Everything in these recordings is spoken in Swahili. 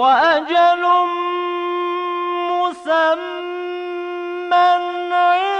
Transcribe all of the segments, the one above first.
وأجل مسمى عند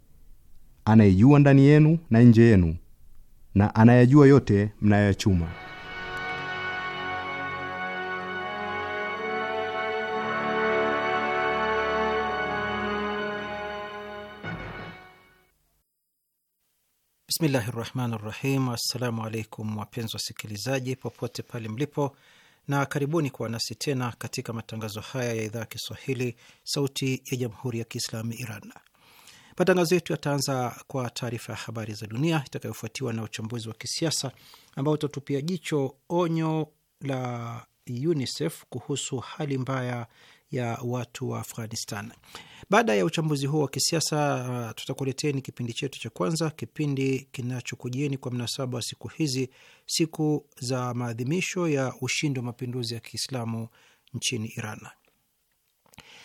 anayejua ndani yenu na nje yenu na anayajua yote mnayoyachuma. Bismillahi rahmani rahim. Assalamu alaikum wapenzi wasikilizaji popote pale mlipo, na karibuni kuwa nasi tena katika matangazo haya ya idhaa ya Kiswahili, Sauti ya Jamhuri ya Kiislamu Iran. Matangazo yetu yataanza kwa taarifa ya habari za dunia itakayofuatiwa na uchambuzi wa kisiasa ambao utatupia jicho onyo la UNICEF kuhusu hali mbaya ya watu wa Afghanistan. Baada ya uchambuzi huo wa kisiasa, uh, tutakuleteni kipindi chetu cha kwanza, kipindi kinachokujieni kwa mnasaba wa siku hizi, siku za maadhimisho ya ushindi wa mapinduzi ya Kiislamu nchini Iran.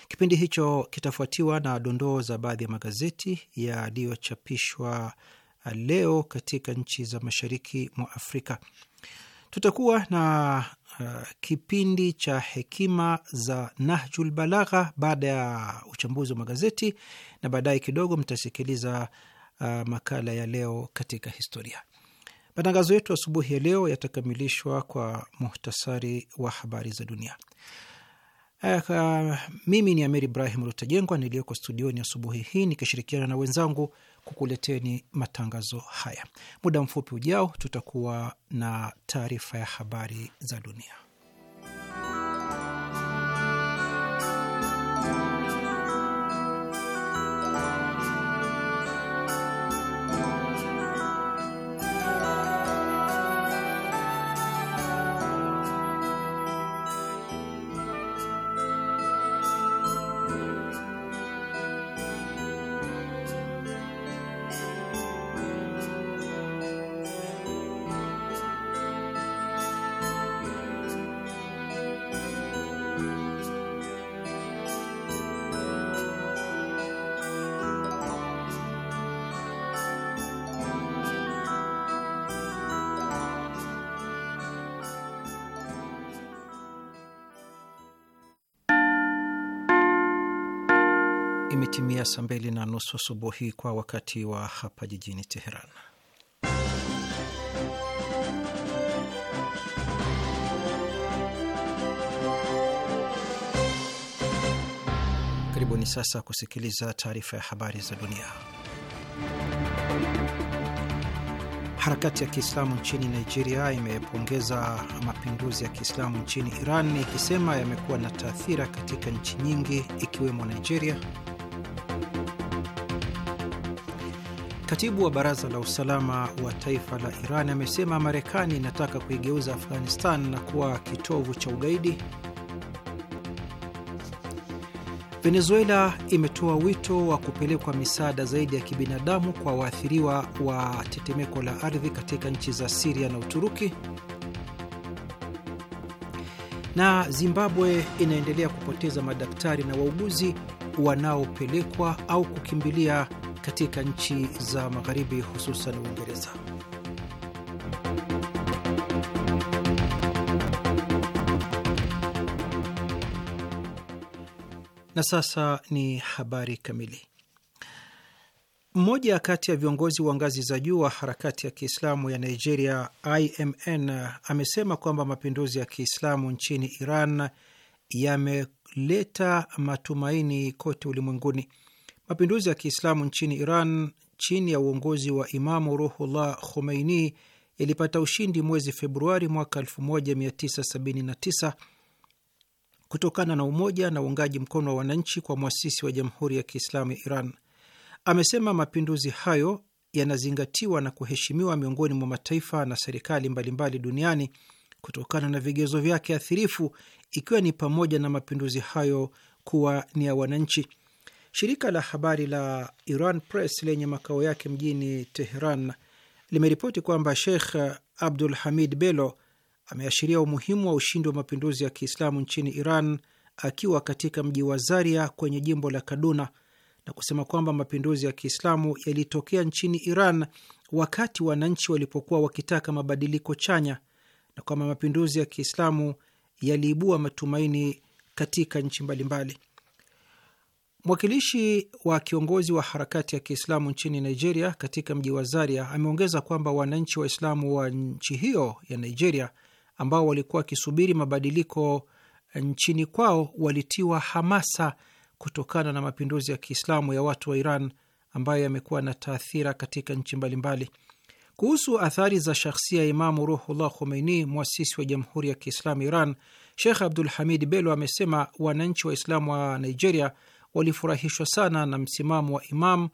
Kipindi hicho kitafuatiwa na dondoo za baadhi ya magazeti yaliyochapishwa leo katika nchi za mashariki mwa Afrika. Tutakuwa na uh, kipindi cha hekima za Nahjul Balagha baada ya uchambuzi wa magazeti, na baadaye kidogo mtasikiliza uh, makala ya leo katika historia. Matangazo yetu asubuhi ya leo yatakamilishwa kwa muhtasari wa habari za dunia. Eh, uh, mimi ni Amir Ibrahim Rutajengwa niliyoko studioni asubuhi hii nikishirikiana na wenzangu kukuleteni matangazo haya. Muda mfupi ujao tutakuwa na taarifa ya habari za dunia. nusu asubuhi kwa wakati wa hapa jijini Teheran. Karibuni sasa kusikiliza taarifa ya habari za dunia. Harakati ya Kiislamu nchini Nigeria imepongeza mapinduzi ya Kiislamu nchini Iran ikisema yamekuwa na taathira katika nchi nyingi ikiwemo Nigeria. Katibu wa baraza la usalama wa taifa la Iran amesema Marekani inataka kuigeuza Afghanistan na kuwa kitovu cha ugaidi. Venezuela imetoa wito wa kupelekwa misaada zaidi ya kibinadamu kwa waathiriwa wa tetemeko la ardhi katika nchi za Siria na Uturuki. Na Zimbabwe inaendelea kupoteza madaktari na wauguzi wanaopelekwa au kukimbilia katika nchi za magharibi hususan Uingereza. Na sasa ni habari kamili. Mmoja kati ya viongozi wa ngazi za juu wa harakati ya Kiislamu ya Nigeria IMN amesema kwamba mapinduzi ya Kiislamu nchini Iran yameleta matumaini kote ulimwenguni Mapinduzi ya Kiislamu nchini Iran chini ya uongozi wa Imamu Ruhullah Khomeini yalipata ushindi mwezi Februari mwaka 1979 kutokana na umoja na uungaji mkono wa wananchi kwa mwasisi wa Jamhuri ya Kiislamu ya Iran. Amesema mapinduzi hayo yanazingatiwa na kuheshimiwa miongoni mwa mataifa na serikali mbalimbali duniani kutokana na vigezo vyake athirifu, ikiwa ni pamoja na mapinduzi hayo kuwa ni ya wananchi. Shirika la habari la Iran Press lenye makao yake mjini Teheran limeripoti kwamba Sheikh Abdul Hamid belo ameashiria umuhimu wa ushindi wa mapinduzi ya Kiislamu nchini Iran akiwa katika mji wa Zaria kwenye jimbo la Kaduna na kusema kwamba mapinduzi ya Kiislamu yalitokea nchini Iran wakati wananchi walipokuwa wakitaka mabadiliko chanya na kwamba mapinduzi ya Kiislamu yaliibua matumaini katika nchi mbalimbali. Mwakilishi wa kiongozi wa harakati ya Kiislamu nchini Nigeria katika mji wa Zaria ameongeza kwamba wananchi Waislamu wa nchi hiyo ya Nigeria ambao walikuwa wakisubiri mabadiliko eh, nchini kwao walitiwa hamasa kutokana na mapinduzi ya Kiislamu ya watu wa Iran ambayo yamekuwa na taathira katika nchi mbalimbali. Kuhusu athari za shakhsia ya Imamu Ruhullah Khomeini, mwasisi wa Jamhuri ya Kiislamu Iran, shekh Abdul Hamid belo amesema wananchi Waislamu wa Nigeria walifurahishwa sana na msimamo wa Imam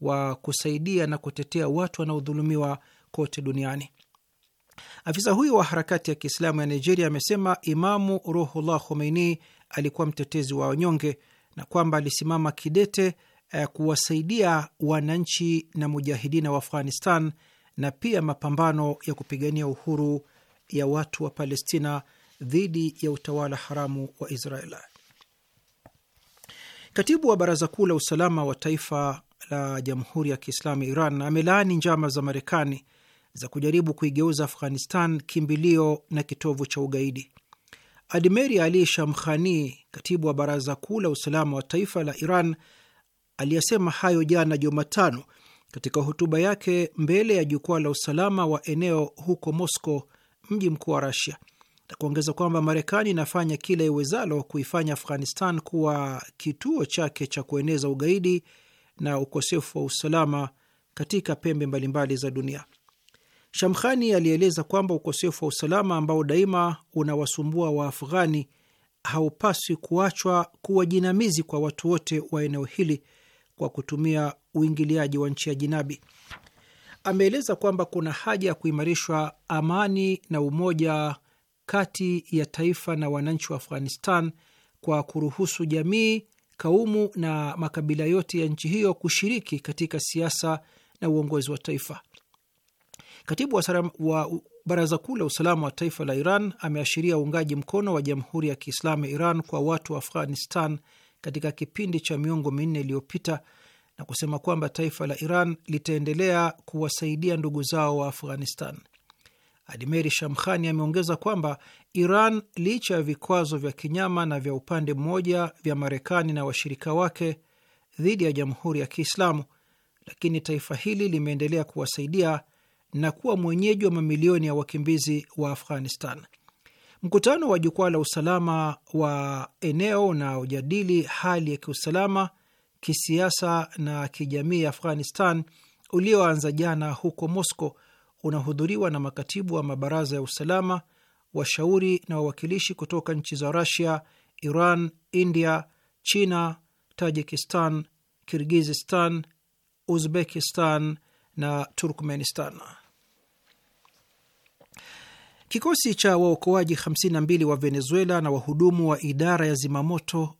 wa kusaidia na kutetea watu wanaodhulumiwa kote duniani. Afisa huyo wa harakati ya Kiislamu ya Nigeria amesema Imamu Ruhullah Khomeini alikuwa mtetezi wa wanyonge na kwamba alisimama kidete eh, kuwasaidia wananchi na mujahidina wa Afghanistan na pia mapambano ya kupigania uhuru ya watu wa Palestina dhidi ya utawala haramu wa Israel. Katibu wa Baraza Kuu la Usalama wa Taifa la Jamhuri ya Kiislamu Iran amelaani njama za Marekani za kujaribu kuigeuza Afghanistan kimbilio na kitovu cha ugaidi. Admeri Ali Shamkhani, katibu wa Baraza Kuu la Usalama wa Taifa la Iran, aliyesema hayo jana Jumatano katika hotuba yake mbele ya jukwaa la usalama wa eneo huko Moscow, mji mkuu wa Russia, na kuongeza kwamba Marekani inafanya kila iwezalo kuifanya Afghanistan kuwa kituo chake cha kueneza ugaidi na ukosefu wa usalama katika pembe mbalimbali za dunia. Shamkhani alieleza kwamba ukosefu wa usalama ambao daima unawasumbua afghani haupaswi kuachwa kuwa jinamizi kwa watu wote wa eneo hili kwa kutumia uingiliaji wa nchi ya jinabi. Ameeleza kwamba kuna haja ya kuimarishwa amani na umoja kati ya taifa na wananchi wa Afghanistan kwa kuruhusu jamii, kaumu na makabila yote ya nchi hiyo kushiriki katika siasa na uongozi wa taifa. Katibu wa, saram, wa Baraza Kuu la Usalama wa Taifa la Iran ameashiria uungaji mkono wa Jamhuri ya Kiislamu ya Iran kwa watu wa Afghanistan katika kipindi cha miongo minne iliyopita na kusema kwamba taifa la Iran litaendelea kuwasaidia ndugu zao wa Afghanistan. Adimeri Shamkhani ameongeza kwamba Iran licha ya vikwazo vya kinyama na vya upande mmoja vya Marekani na washirika wake dhidi ya Jamhuri ya Kiislamu, lakini taifa hili limeendelea kuwasaidia na kuwa mwenyeji wa mamilioni ya wakimbizi wa Afghanistan. Mkutano wa Jukwaa la Usalama wa eneo na ujadili hali ya kiusalama, kisiasa na kijamii ya Afghanistan ulioanza jana huko Moscow unahudhuriwa na makatibu wa mabaraza ya usalama, washauri na wawakilishi kutoka nchi za Rusia, Iran, India, China, Tajikistan, Kirgizistan, Uzbekistan na Turkmenistan. Kikosi cha waokoaji 52 wa Venezuela na wahudumu wa idara ya zimamoto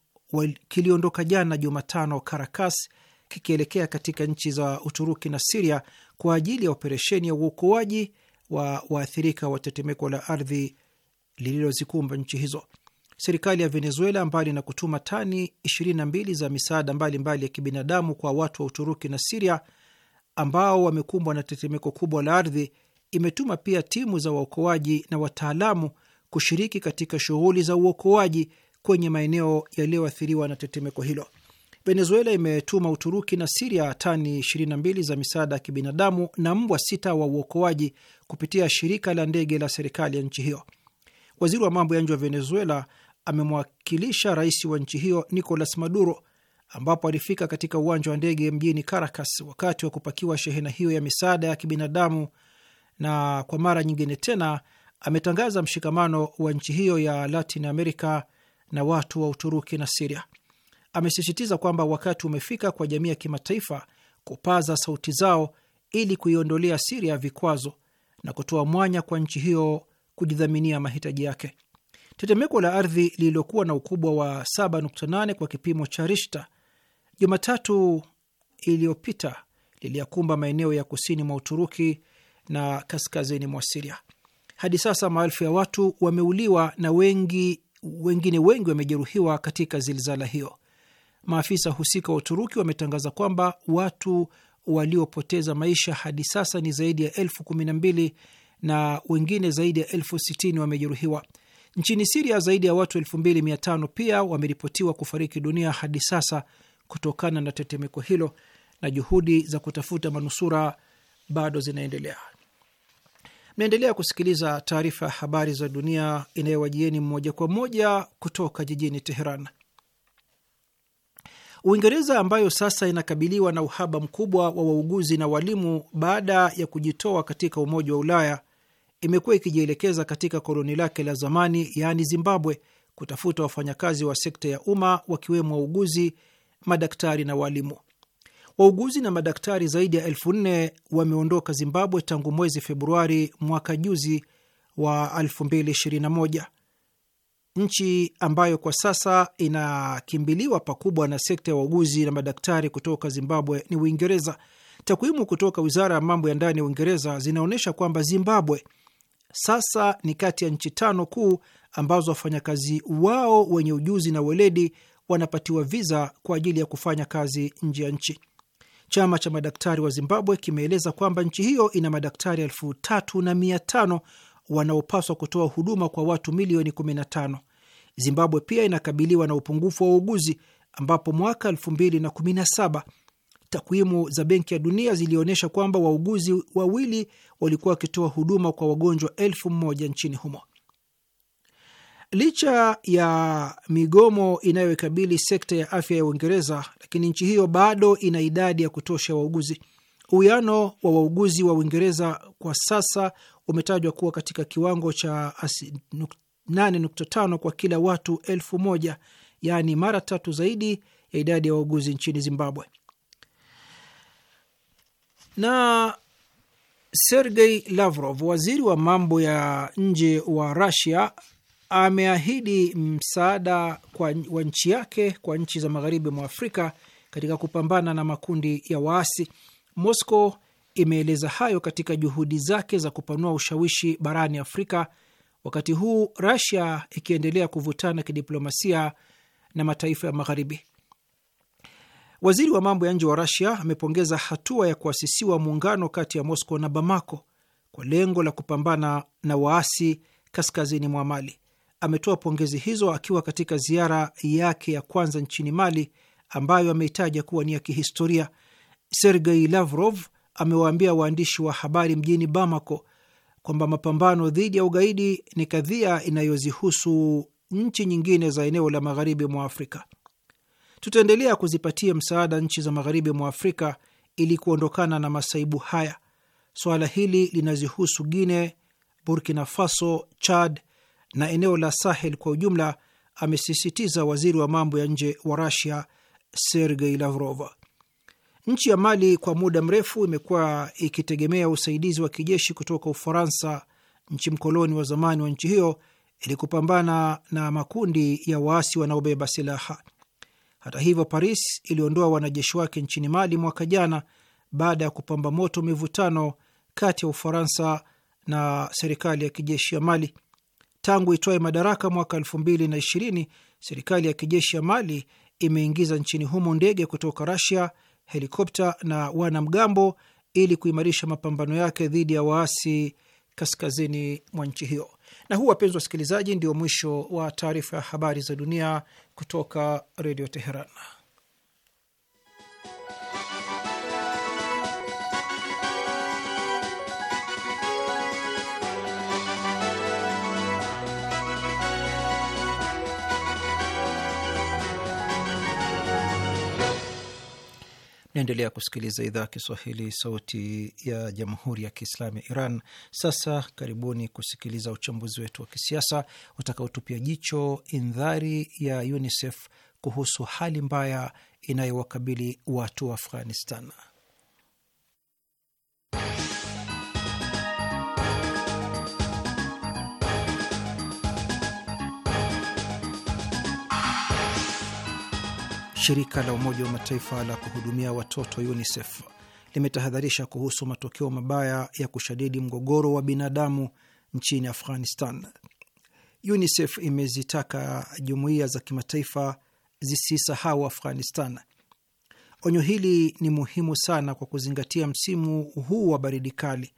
kiliondoka jana Jumatano Caracas kikielekea katika nchi za Uturuki na Siria kwa ajili ya operesheni ya uokoaji wa waathirika wa tetemeko la ardhi lililozikumba nchi hizo. Serikali ya Venezuela, mbali na kutuma tani 22 za misaada mbalimbali ya kibinadamu kwa watu wa Uturuki na Siria ambao wamekumbwa na tetemeko kubwa la ardhi, imetuma pia timu za waokoaji na wataalamu kushiriki katika shughuli za uokoaji kwenye maeneo yaliyoathiriwa na tetemeko hilo. Venezuela imetuma Uturuki na Siria tani 22 za misaada ya kibinadamu na mbwa sita wa uokoaji kupitia shirika la ndege la serikali ya nchi hiyo. Waziri wa mambo ya nje wa Venezuela amemwakilisha rais wa nchi hiyo Nicolas Maduro, ambapo alifika katika uwanja wa ndege mjini Caracas wakati wa kupakiwa shehena hiyo ya misaada ya kibinadamu, na kwa mara nyingine tena ametangaza mshikamano wa nchi hiyo ya Latin America na watu wa Uturuki na Siria amesisitiza kwamba wakati umefika kwa jamii ya kimataifa kupaza sauti zao ili kuiondolea Siria vikwazo na kutoa mwanya kwa nchi hiyo kujidhaminia mahitaji yake. Tetemeko la ardhi lililokuwa na ukubwa wa 7.8 kwa kipimo cha Rishta Jumatatu iliyopita liliyakumba maeneo ya kusini mwa Uturuki na kaskazini mwa Siria. Hadi sasa maelfu ya watu wameuliwa na wengi wengine wengi wamejeruhiwa katika zilzala hiyo maafisa husika wa Uturuki wametangaza kwamba watu waliopoteza maisha hadi sasa ni zaidi ya elfu kumi na mbili na wengine zaidi ya elfu sitini wamejeruhiwa. Nchini Siria, zaidi ya watu elfu mbili mia tano pia wameripotiwa kufariki dunia hadi sasa kutokana na tetemeko hilo, na juhudi za kutafuta manusura bado zinaendelea. Mnaendelea kusikiliza taarifa ya habari za dunia inayowajieni moja kwa moja kutoka jijini Teheran. Uingereza ambayo sasa inakabiliwa na uhaba mkubwa wa wauguzi na walimu baada ya kujitoa katika Umoja wa Ulaya imekuwa ikijielekeza katika koloni lake la zamani, yaani Zimbabwe, kutafuta wafanyakazi wa sekta ya umma wakiwemo wauguzi, madaktari na walimu. Wauguzi na madaktari zaidi ya elfu nne wameondoka Zimbabwe tangu mwezi Februari mwaka juzi wa 2021 nchi ambayo kwa sasa inakimbiliwa pakubwa na sekta ya wauguzi na madaktari kutoka Zimbabwe ni Uingereza. Takwimu kutoka wizara ya mambo ya ndani ya Uingereza zinaonyesha kwamba Zimbabwe sasa ni kati ya nchi tano kuu ambazo wafanyakazi wao wenye ujuzi na weledi wanapatiwa viza kwa ajili ya kufanya kazi nje ya nchi. Chama cha madaktari wa Zimbabwe kimeeleza kwamba nchi hiyo ina madaktari elfu tatu na mia tano wanaopaswa kutoa huduma kwa watu milioni 15. Zimbabwe pia inakabiliwa na upungufu wa wauguzi ambapo mwaka 2017 takwimu za Benki ya Dunia zilionyesha kwamba wauguzi wawili walikuwa wakitoa huduma kwa wagonjwa elfu moja nchini humo. Licha ya migomo inayoikabili sekta ya afya ya Uingereza, lakini nchi hiyo bado ina idadi ya kutosha wauguzi. Uwiano wa wauguzi wa Uingereza kwa sasa umetajwa kuwa katika kiwango cha 8.5 kwa kila watu elfu moja yaani mara tatu zaidi ya idadi ya wauguzi nchini Zimbabwe. Na Sergei Lavrov, waziri wa mambo ya nje wa rusia ameahidi msaada wa nchi yake kwa nchi za magharibi mwa Afrika katika kupambana na makundi ya waasi. Moscow imeeleza hayo katika juhudi zake za kupanua ushawishi barani Afrika, wakati huu Rasia ikiendelea kuvutana kidiplomasia na mataifa ya Magharibi. Waziri wa mambo ya nje wa Rasia amepongeza hatua ya kuasisiwa muungano kati ya Moscow na Bamako kwa lengo la kupambana na waasi kaskazini mwa Mali. Ametoa pongezi hizo akiwa katika ziara yake ya kwanza nchini Mali ambayo ameitaja kuwa ni ya kihistoria. Sergei Lavrov amewaambia waandishi wa habari mjini Bamako kwamba mapambano dhidi ya ugaidi ni kadhia inayozihusu nchi nyingine za eneo la magharibi mwa Afrika. Tutaendelea kuzipatia msaada nchi za magharibi mwa Afrika ili kuondokana na masaibu haya. Suala hili linazihusu Guine, Burkina Faso, Chad na eneo la Sahel kwa ujumla, amesisitiza waziri wa mambo ya nje wa Rusia Sergei lavrova Nchi ya Mali kwa muda mrefu imekuwa ikitegemea usaidizi wa kijeshi kutoka Ufaransa, nchi mkoloni wa zamani wa nchi hiyo, ili kupambana na makundi ya waasi wanaobeba silaha. Hata hivyo, Paris iliondoa wanajeshi wake nchini Mali mwaka jana baada ya kupamba moto mivutano kati ya Ufaransa na serikali ya kijeshi ya Mali. Tangu itoe madaraka mwaka elfu mbili na ishirini, serikali ya kijeshi ya Mali imeingiza nchini humo ndege kutoka Rasia, helikopta na wanamgambo ili kuimarisha mapambano yake dhidi ya waasi kaskazini mwa nchi hiyo. Na huu, wapenzi wasikilizaji, ndio mwisho wa taarifa ya habari za dunia kutoka Redio Teheran. Naendelea kusikiliza idhaa ya Kiswahili, sauti ya jamhuri ya kiislamu ya Iran. Sasa karibuni kusikiliza uchambuzi wetu wa kisiasa utakaotupia jicho indhari ya UNICEF kuhusu hali mbaya inayowakabili watu wa Afghanistan. Shirika la Umoja wa Mataifa la kuhudumia watoto UNICEF limetahadharisha kuhusu matokeo mabaya ya kushadidi mgogoro wa binadamu nchini Afghanistan. UNICEF imezitaka jumuiya za kimataifa zisisahau Afghanistan. Onyo hili ni muhimu sana kwa kuzingatia msimu huu wa baridi kali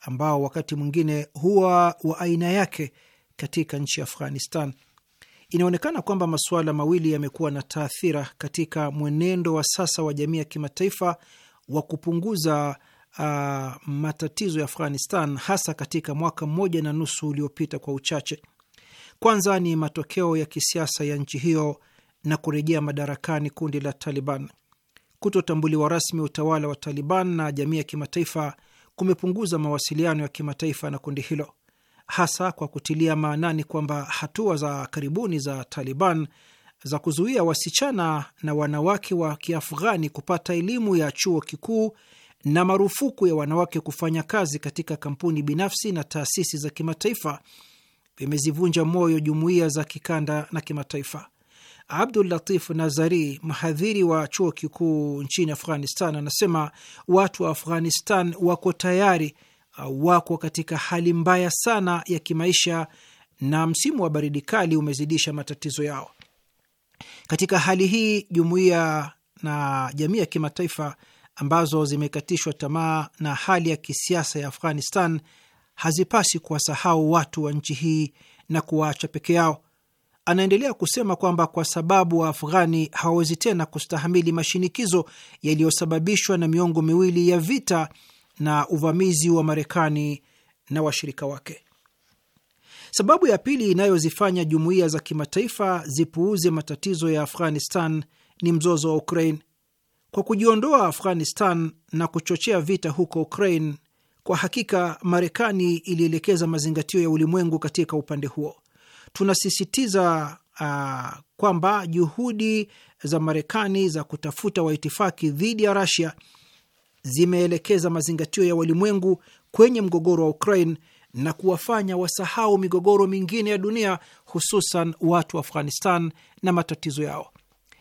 ambao wakati mwingine huwa wa aina yake katika nchi ya Afghanistan Inaonekana kwamba masuala mawili yamekuwa na taathira katika mwenendo wa sasa wa jamii ya kimataifa wa kupunguza uh, matatizo ya Afghanistan, hasa katika mwaka mmoja na nusu uliopita kwa uchache. Kwanza ni matokeo ya kisiasa ya nchi hiyo na kurejea madarakani kundi la Taliban. Kutotambuliwa rasmi utawala wa Taliban na jamii ya kimataifa kumepunguza mawasiliano ya kimataifa na kundi hilo hasa kwa kutilia maanani kwamba hatua za karibuni za Taliban za kuzuia wasichana na wanawake wa Kiafghani kupata elimu ya chuo kikuu na marufuku ya wanawake kufanya kazi katika kampuni binafsi na taasisi za kimataifa vimezivunja moyo jumuiya za kikanda na kimataifa. Abdul Latif Nazari, mhadhiri wa chuo kikuu nchini Afghanistan, anasema watu wa Afghanistan wako tayari wako katika hali mbaya sana ya kimaisha na msimu wa baridi kali umezidisha matatizo yao. Katika hali hii, jumuiya na jamii ya kimataifa ambazo zimekatishwa tamaa na hali ya kisiasa ya Afghanistan hazipasi kuwasahau watu wa nchi hii na kuwaacha peke yao. Anaendelea kusema kwamba kwa sababu afghani hawawezi tena kustahamili mashinikizo yaliyosababishwa na miongo miwili ya vita na uvamizi wa Marekani na washirika wake. Sababu ya pili inayozifanya jumuiya za kimataifa zipuuze matatizo ya Afghanistan ni mzozo wa Ukraine. Kwa kujiondoa Afghanistan na kuchochea vita huko Ukraine, kwa hakika Marekani ilielekeza mazingatio ya ulimwengu katika upande huo. Tunasisitiza uh, kwamba juhudi za Marekani za kutafuta waitifaki dhidi ya Russia zimeelekeza mazingatio ya walimwengu kwenye mgogoro wa Ukraine na kuwafanya wasahau migogoro mingine ya dunia, hususan watu wa Afghanistan na matatizo yao.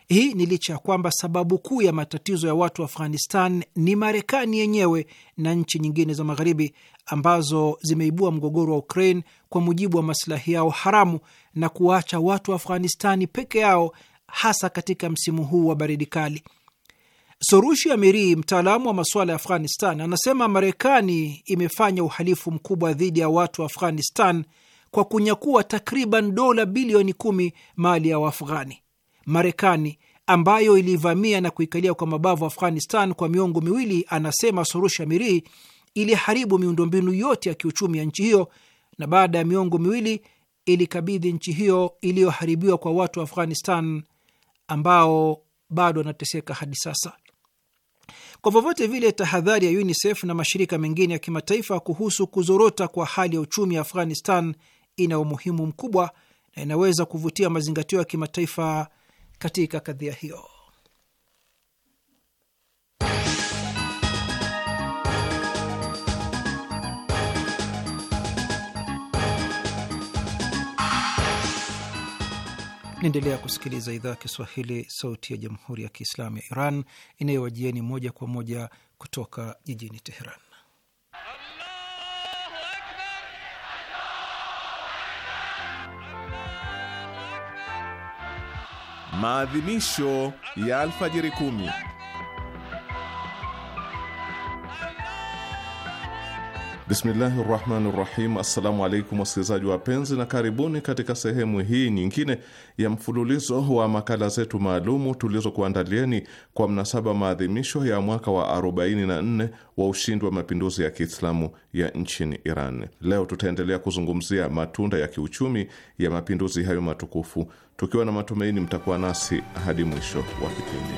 Hii ni licha ya kwamba sababu kuu ya matatizo ya watu wa Afghanistan ni Marekani yenyewe na nchi nyingine za Magharibi ambazo zimeibua mgogoro wa Ukraine kwa mujibu wa masilahi yao haramu na kuwaacha watu wa Afghanistani peke yao, hasa katika msimu huu wa baridi kali. Sorushi Amiri, mtaalamu wa masuala ya Afghanistan, anasema Marekani imefanya uhalifu mkubwa dhidi ya watu wa Afghanistan kwa kunyakua takriban dola bilioni kumi mali ya Waafghani. Marekani ambayo ilivamia na kuikalia kwa mabavu Afghanistan kwa miongo miwili, anasema Sorushi Amiri, iliharibu miundombinu yote ya kiuchumi ya nchi hiyo, na baada ya miongo miwili ilikabidhi nchi hiyo iliyoharibiwa kwa watu wa Afghanistan ambao bado wanateseka hadi sasa. Kwa vyovyote vile, tahadhari ya UNICEF na mashirika mengine ya kimataifa kuhusu kuzorota kwa hali ya uchumi ya Afghanistan ina umuhimu mkubwa na inaweza kuvutia mazingatio ya kimataifa katika kadhia hiyo. Naendelea kusikiliza idhaa ya Kiswahili, sauti ya jamhuri ya kiislamu ya Iran inayowajieni moja kwa moja kutoka jijini Teheran. Maadhimisho ya alfajiri kumi Bismillahi rahmani rahim. Assalamu alaikum wasikilizaji wapenzi, na karibuni katika sehemu hii nyingine ya mfululizo wa makala zetu maalumu tulizokuandalieni kwa mnasaba maadhimisho ya mwaka wa 44 wa ushindi wa mapinduzi ya Kiislamu ya nchini Iran. Leo tutaendelea kuzungumzia matunda ya kiuchumi ya mapinduzi hayo matukufu, tukiwa na matumaini mtakuwa nasi hadi mwisho wa kipindi.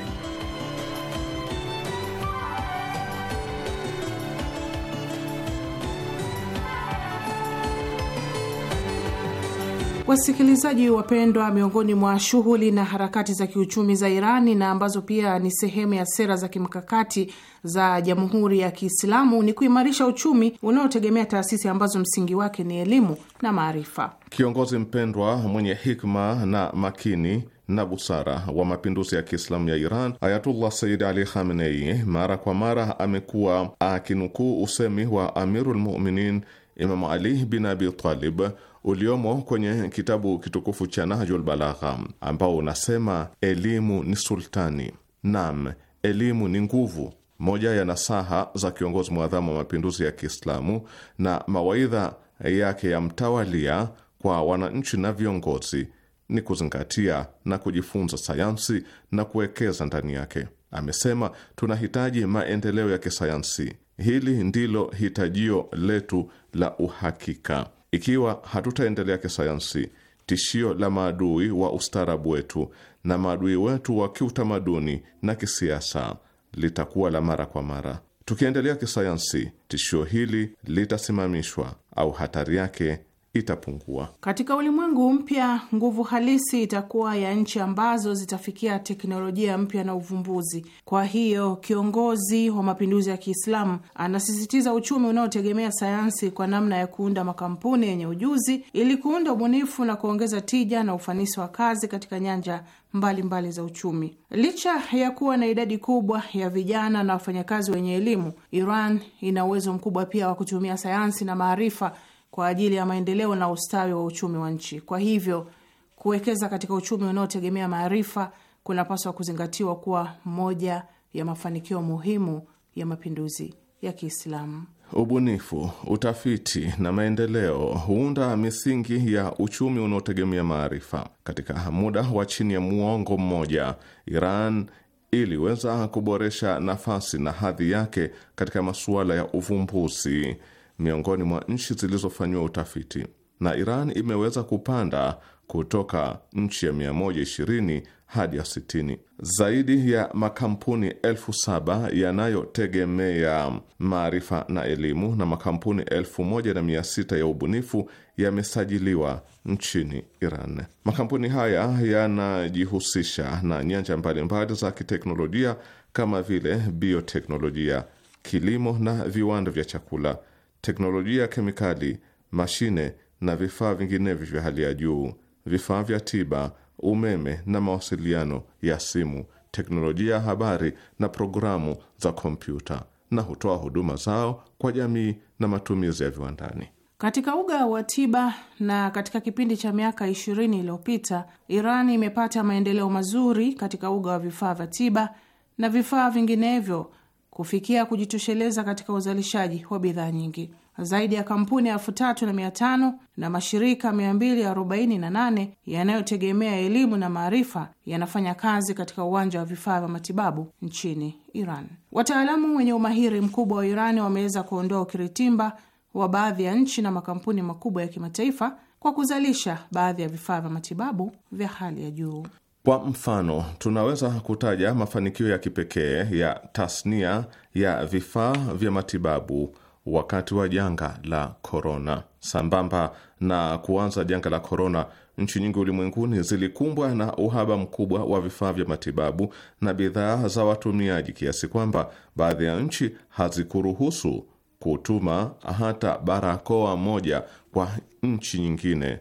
Wasikilizaji wapendwa, miongoni mwa shughuli na harakati za kiuchumi za Irani na ambazo pia ni sehemu ya sera za kimkakati za Jamhuri ya Kiislamu ni kuimarisha uchumi unaotegemea taasisi ambazo msingi wake ni elimu na maarifa. Kiongozi mpendwa mwenye hikma na makini na busara wa mapinduzi ya Kiislamu ya Iran Ayatullah Sayyid Ali Khamenei mara kwa mara amekuwa akinukuu usemi wa Amirul Muminin Imamu Ali bin Abi Talib uliomo kwenye kitabu kitukufu cha Nahjul Balagha ambao unasema elimu ni sultani. Naam, elimu ni nguvu. Moja ya nasaha za kiongozi mwadhamu wa mapinduzi ya Kiislamu na mawaidha yake ya mtawalia kwa wananchi na viongozi ni kuzingatia na kujifunza sayansi na kuwekeza ndani yake. Amesema tunahitaji maendeleo ya kisayansi. Hili ndilo hitajio letu la uhakika. Ikiwa hatutaendelea kisayansi, tishio la maadui wa ustaarabu wetu na maadui wetu wa kiutamaduni na kisiasa litakuwa la mara kwa mara. Tukiendelea kisayansi, tishio hili litasimamishwa au hatari yake itapungua. Katika ulimwengu mpya, nguvu halisi itakuwa ya nchi ambazo zitafikia teknolojia mpya na uvumbuzi. Kwa hiyo, kiongozi wa mapinduzi ya Kiislamu anasisitiza uchumi unaotegemea sayansi kwa namna ya kuunda makampuni yenye ujuzi ili kuunda ubunifu na kuongeza tija na ufanisi wa kazi katika nyanja mbalimbali mbali za uchumi. Licha ya kuwa na idadi kubwa ya vijana na wafanyakazi wenye elimu, Iran ina uwezo mkubwa pia wa kutumia sayansi na maarifa kwa ajili ya maendeleo na ustawi wa uchumi wa nchi. Kwa hivyo kuwekeza katika uchumi unaotegemea maarifa kunapaswa kuzingatiwa kuwa moja ya mafanikio muhimu ya mapinduzi ya Kiislamu. Ubunifu, utafiti na maendeleo huunda misingi ya uchumi unaotegemea maarifa. Katika muda wa chini ya muongo mmoja, Iran iliweza kuboresha nafasi na hadhi yake katika masuala ya uvumbuzi miongoni mwa nchi zilizofanyiwa utafiti na Iran imeweza kupanda kutoka nchi ya 120 hadi ya 60. Zaidi ya makampuni elfu saba yanayotegemea maarifa na elimu na makampuni elfu moja na mia sita ya ubunifu yamesajiliwa nchini Iran. Makampuni haya yanajihusisha na nyanja mbalimbali za kiteknolojia kama vile bioteknolojia, kilimo na viwanda vya chakula teknolojia ya kemikali, mashine na vifaa vinginevyo vya hali ya juu, vifaa vya tiba, umeme na mawasiliano ya simu, teknolojia ya habari na programu za kompyuta, na hutoa huduma zao kwa jamii na matumizi ya viwandani. Katika uga wa tiba na katika kipindi cha miaka ishirini iliyopita, Iran imepata maendeleo mazuri katika uga wa vifaa vya tiba na vifaa vinginevyo kufikia kujitosheleza katika uzalishaji wa bidhaa nyingi. Zaidi ya kampuni elfu tatu na mia tano na mashirika 248 yanayotegemea elimu na maarifa yanafanya kazi katika uwanja wa vifaa vya matibabu nchini Iran. Wataalamu wenye umahiri mkubwa wa Irani wameweza kuondoa ukiritimba wa baadhi ya nchi na makampuni makubwa ya kimataifa kwa kuzalisha baadhi ya vifaa vya matibabu vya hali ya juu. Kwa mfano, tunaweza kutaja mafanikio ya kipekee ya tasnia ya vifaa vya matibabu wakati wa janga la korona. Sambamba na kuanza janga la korona, nchi nyingi ulimwenguni zilikumbwa na uhaba mkubwa wa vifaa vya matibabu na bidhaa za watumiaji, kiasi kwamba baadhi ya nchi hazikuruhusu kutuma hata barakoa moja kwa nchi nyingine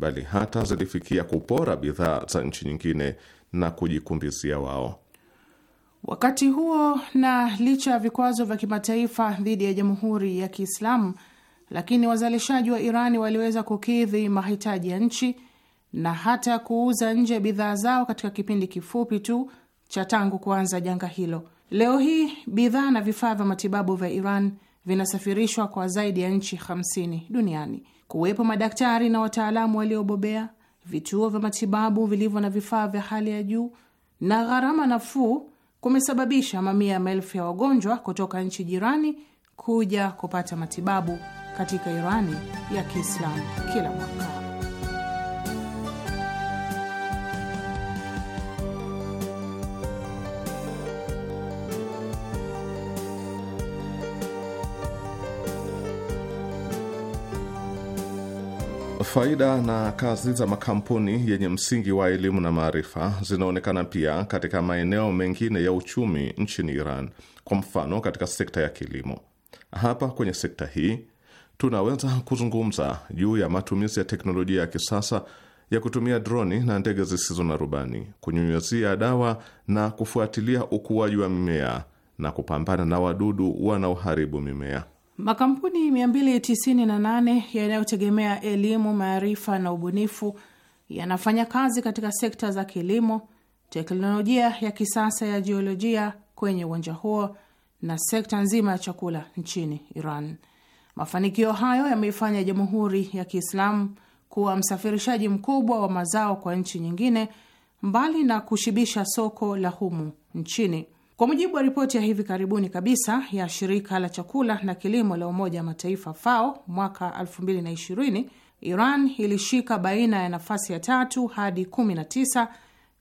bali hata zilifikia kupora bidhaa za nchi nyingine na kujikumbizia wao. Wakati huo na licha ya vikwazo vya kimataifa dhidi ya Jamhuri ya Kiislamu, lakini wazalishaji wa Irani waliweza kukidhi mahitaji ya nchi na hata kuuza nje bidhaa zao katika kipindi kifupi tu cha tangu kuanza janga hilo. Leo hii bidhaa na vifaa vya matibabu vya Iran vinasafirishwa kwa zaidi ya nchi 50 duniani, kuwepo madaktari na wataalamu waliobobea, vituo vya matibabu vilivyo na vifaa vya hali ya juu na gharama nafuu kumesababisha mamia ya maelfu ya wagonjwa kutoka nchi jirani kuja kupata matibabu katika Irani ya Kiislamu kila mwaka. Faida na kazi za makampuni yenye msingi wa elimu na maarifa zinaonekana pia katika maeneo mengine ya uchumi nchini Iran, kwa mfano katika sekta ya kilimo. Hapa kwenye sekta hii tunaweza kuzungumza juu ya matumizi ya teknolojia ya kisasa ya kutumia droni na ndege zisizo na rubani kunyunyuzia dawa na kufuatilia ukuaji wa mimea na kupambana na wadudu wanaoharibu mimea. Makampuni 298 yanayotegemea elimu, maarifa na ubunifu yanafanya kazi katika sekta za kilimo, teknolojia ya kisasa ya jiolojia kwenye uwanja huo na sekta nzima ya chakula nchini Iran. Mafanikio hayo yameifanya Jamhuri ya Kiislamu kuwa msafirishaji mkubwa wa mazao kwa nchi nyingine, mbali na kushibisha soko la humu nchini. Kwa mujibu wa ripoti ya hivi karibuni kabisa ya shirika la chakula na kilimo la Umoja wa Mataifa FAO mwaka 2020, Iran ilishika baina ya nafasi ya tatu hadi 19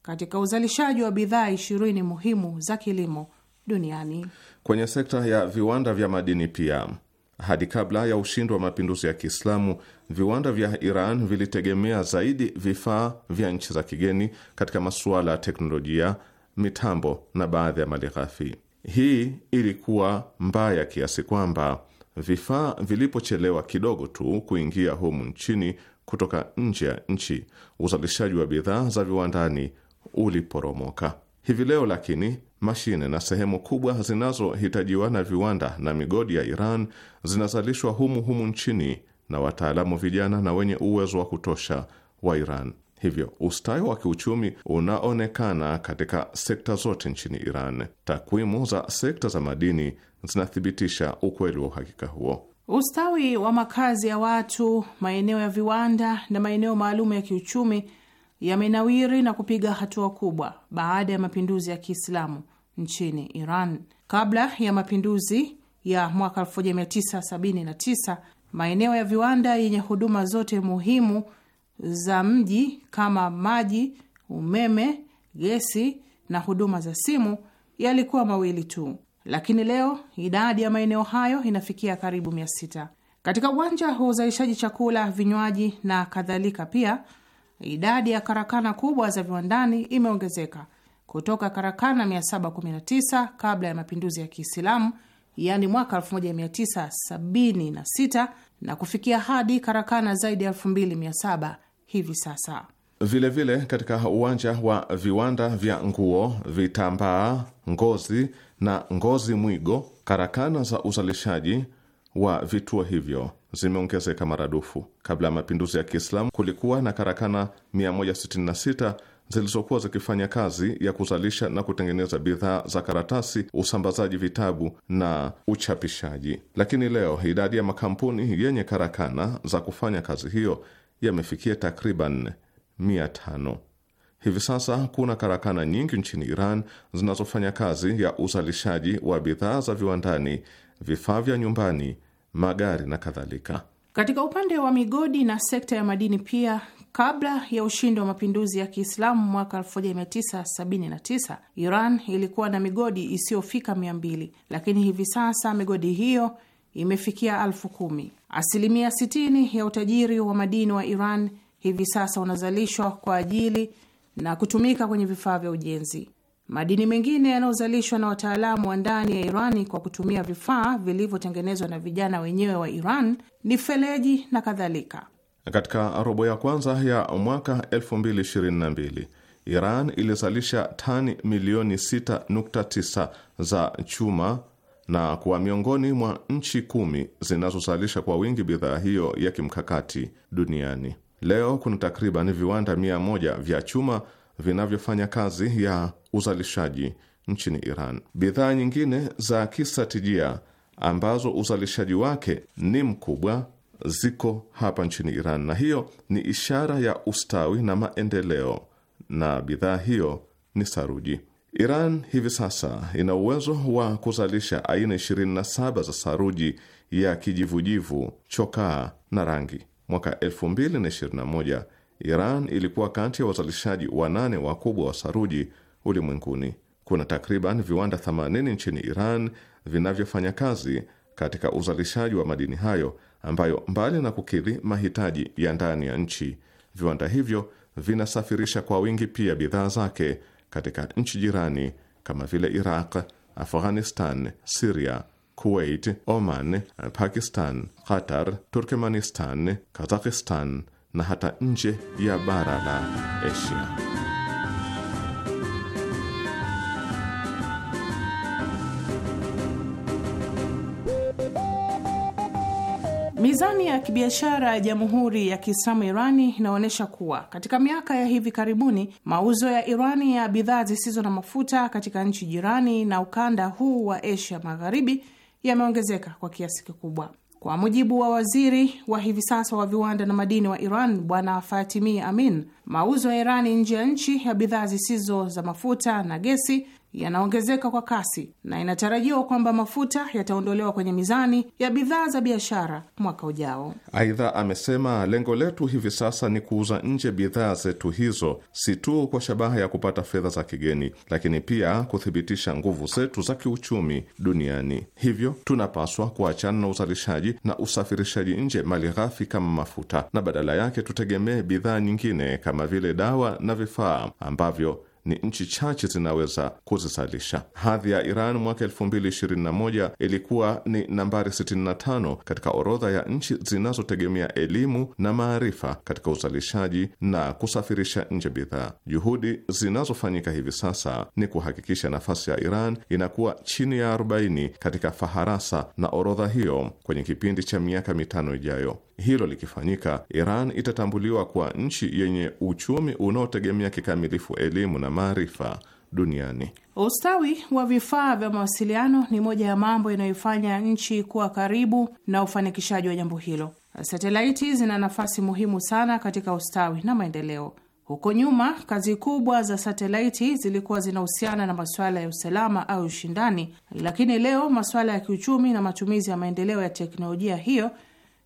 katika uzalishaji wa bidhaa 20 muhimu za kilimo duniani. Kwenye sekta ya viwanda vya madini pia, hadi kabla ya ushindi wa mapinduzi ya Kiislamu, viwanda vya Iran vilitegemea zaidi vifaa vya nchi za kigeni katika masuala ya teknolojia mitambo na baadhi ya malighafi. Hii ilikuwa mbaya kiasi kwamba vifaa vilipochelewa kidogo tu kuingia humu nchini kutoka nje ya nchi, uzalishaji wa bidhaa za viwandani uliporomoka. Hivi leo lakini, mashine na sehemu kubwa zinazohitajiwa na viwanda na migodi ya Iran zinazalishwa humu humu nchini na wataalamu vijana na wenye uwezo wa kutosha wa Iran. Hivyo ustawi wa kiuchumi unaonekana katika sekta zote nchini Iran. Takwimu za sekta za madini zinathibitisha ukweli wa uhakika huo. Ustawi wa makazi ya watu, maeneo ya viwanda na maeneo maalum ya kiuchumi yamenawiri na kupiga hatua kubwa baada ya mapinduzi ya Kiislamu nchini Iran. Kabla ya mapinduzi ya mwaka 1979 maeneo ya viwanda yenye huduma zote muhimu za mji kama maji, umeme, gesi na huduma za simu yalikuwa mawili tu, lakini leo idadi ya maeneo hayo inafikia karibu mia sita. Katika uwanja wa uzalishaji chakula, vinywaji na kadhalika, pia idadi ya karakana kubwa za viwandani imeongezeka kutoka karakana 719 kabla ya mapinduzi ya Kiislamu, yaani mwaka 1976 na kufikia hadi karakana zaidi ya 2700 hivi sasa. Vilevile vile, katika uwanja wa viwanda vya nguo, vitambaa, ngozi na ngozi mwigo, karakana za uzalishaji wa vituo hivyo zimeongezeka maradufu. Kabla ya mapinduzi ya Kiislamu kulikuwa na karakana 166 zilizokuwa zikifanya kazi ya kuzalisha na kutengeneza bidhaa za karatasi, usambazaji vitabu na uchapishaji. Lakini leo idadi ya makampuni yenye karakana za kufanya kazi hiyo yamefikia takriban mia tano. Hivi sasa kuna karakana nyingi nchini Iran zinazofanya kazi ya uzalishaji wa bidhaa za viwandani, vifaa vya nyumbani, magari na kadhalika. Katika upande wa migodi na sekta ya madini pia, kabla ya ushindi wa mapinduzi ya Kiislamu mwaka 1979 Iran ilikuwa na migodi isiyofika 200 lakini hivi sasa migodi hiyo imefikia elfu kumi. Asilimia 60 ya utajiri wa madini wa Iran hivi sasa unazalishwa kwa ajili na kutumika kwenye vifaa vya ujenzi. Madini mengine yanayozalishwa na wataalamu wa ndani ya Irani kwa kutumia vifaa vilivyotengenezwa na vijana wenyewe wa Iran ni feleji na kadhalika. Katika robo ya kwanza ya mwaka 2022 Iran ilizalisha tani milioni 6.9 za chuma na kuwa miongoni mwa nchi kumi zinazozalisha kwa wingi bidhaa hiyo ya kimkakati duniani. Leo kuna takriban viwanda mia moja vya chuma vinavyofanya kazi ya uzalishaji nchini Iran. Bidhaa nyingine za kistratijia ambazo uzalishaji wake ni mkubwa ziko hapa nchini Iran, na hiyo ni ishara ya ustawi na maendeleo, na bidhaa hiyo ni saruji. Iran hivi sasa ina uwezo wa kuzalisha aina 27 za saruji ya kijivujivu, chokaa na rangi. Mwaka 2021 Iran ilikuwa kati ya wazalishaji wanane wakubwa wa saruji ulimwenguni. Kuna takriban viwanda 80 nchini Iran vinavyofanya kazi katika uzalishaji wa madini hayo ambayo mbali na kukidhi mahitaji ya ndani ya nchi, viwanda hivyo vinasafirisha kwa wingi pia bidhaa zake katika nchi jirani kama vile Iraq, Afghanistan, Siria, Kuwait, Oman, Pakistan, Qatar, Turkmenistan, Kazakhstan na hata nje ya bara la Asia. Mizani ya kibiashara ya Jamhuri ya Kiislamu Irani inaonyesha kuwa katika miaka ya hivi karibuni mauzo ya Irani ya bidhaa zisizo na mafuta katika nchi jirani na ukanda huu wa Asia Magharibi yameongezeka kwa kiasi kikubwa. Kwa mujibu wa waziri wa hivi sasa wa viwanda na madini wa Iran, Bwana Fatimi Amin, mauzo ya Irani nje ya nchi ya bidhaa zisizo za mafuta na gesi yanaongezeka kwa kasi na inatarajiwa kwamba mafuta yataondolewa kwenye mizani ya bidhaa za biashara mwaka ujao. Aidha, amesema lengo letu hivi sasa ni kuuza nje bidhaa zetu hizo, si tu kwa shabaha ya kupata fedha za kigeni, lakini pia kuthibitisha nguvu zetu za kiuchumi duniani. Hivyo tunapaswa kuachana na uzalishaji na usafirishaji nje mali ghafi kama mafuta, na badala yake tutegemee bidhaa nyingine kama vile dawa na vifaa ambavyo ni nchi chache zinaweza kuzizalisha. Hadhi ya Iran mwaka 2021 ilikuwa ni nambari 65 katika orodha ya nchi zinazotegemea elimu na maarifa katika uzalishaji na kusafirisha nje bidhaa. Juhudi zinazofanyika hivi sasa ni kuhakikisha nafasi ya Iran inakuwa chini ya 40 katika faharasa na orodha hiyo kwenye kipindi cha miaka mitano ijayo hilo likifanyika, Iran itatambuliwa kwa nchi yenye uchumi unaotegemea kikamilifu elimu na maarifa duniani. Ustawi wa vifaa vya mawasiliano ni moja ya mambo yanayoifanya nchi kuwa karibu na ufanikishaji wa jambo hilo. Satelaiti zina nafasi muhimu sana katika ustawi na maendeleo. Huko nyuma, kazi kubwa za satelaiti zilikuwa zinahusiana na masuala ya usalama au ushindani, lakini leo masuala ya kiuchumi na matumizi ya maendeleo ya teknolojia hiyo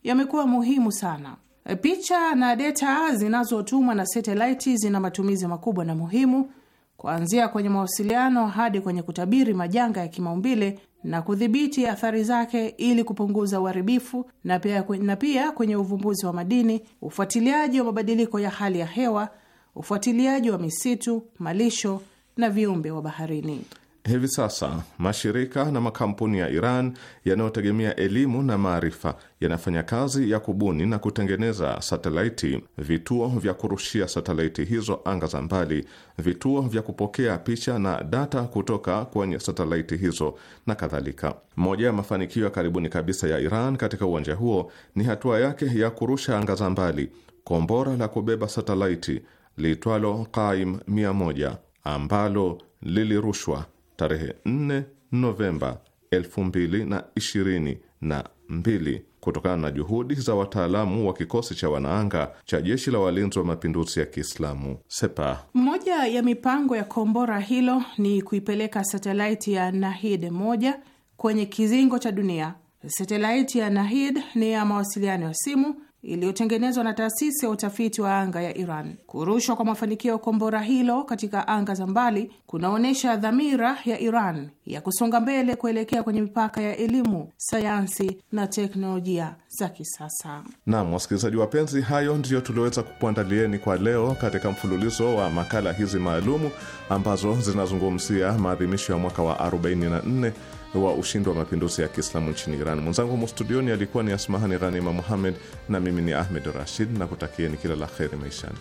yamekuwa muhimu sana. E, picha na data zinazotumwa na satelaiti zina matumizi makubwa na muhimu, kuanzia kwenye mawasiliano hadi kwenye kutabiri majanga ya kimaumbile na kudhibiti athari zake ili kupunguza uharibifu, na pia, na pia kwenye uvumbuzi wa madini, ufuatiliaji wa mabadiliko ya hali ya hewa, ufuatiliaji wa misitu, malisho na viumbe wa baharini. Hivi sasa mashirika na makampuni ya Iran yanayotegemea elimu na maarifa yanafanya kazi ya kubuni na kutengeneza satelaiti, vituo vya kurushia satelaiti hizo anga za mbali, vituo vya kupokea picha na data kutoka kwenye satelaiti hizo na kadhalika. Moja ya mafanikio ya karibuni kabisa ya Iran katika uwanja huo ni hatua yake ya kurusha anga za mbali kombora la kubeba satelaiti liitwalo Qaim 100 ambalo lilirushwa tarehe 4 Novemba 2020 na mbili kutokana na juhudi za wataalamu wa kikosi cha wanaanga cha jeshi la walinzi wa mapinduzi ya Kiislamu Sepa. Moja ya mipango ya kombora hilo ni kuipeleka satelaiti ya Nahid moja kwenye kizingo cha dunia. Satelaiti ya Nahid ni ya mawasiliano ya simu iliyotengenezwa na taasisi ya utafiti wa anga ya Iran. Kurushwa kwa mafanikio ya kombora hilo katika anga za mbali kunaonyesha dhamira ya Iran ya kusonga mbele kuelekea kwenye mipaka ya elimu, sayansi na teknolojia za kisasa. Naam, wasikilizaji wapenzi, hayo ndiyo tulioweza kukuandalieni kwa leo katika mfululizo wa makala hizi maalumu ambazo zinazungumzia maadhimisho ya mwaka wa 44 wa ushindi wa mapinduzi ya Kiislamu nchini Iran. Mwenzangu studioni alikuwa ni Asmahani Ghanima Muhammed na mimi ni Ahmed Rashid na kutakieni kila la kheri maishani.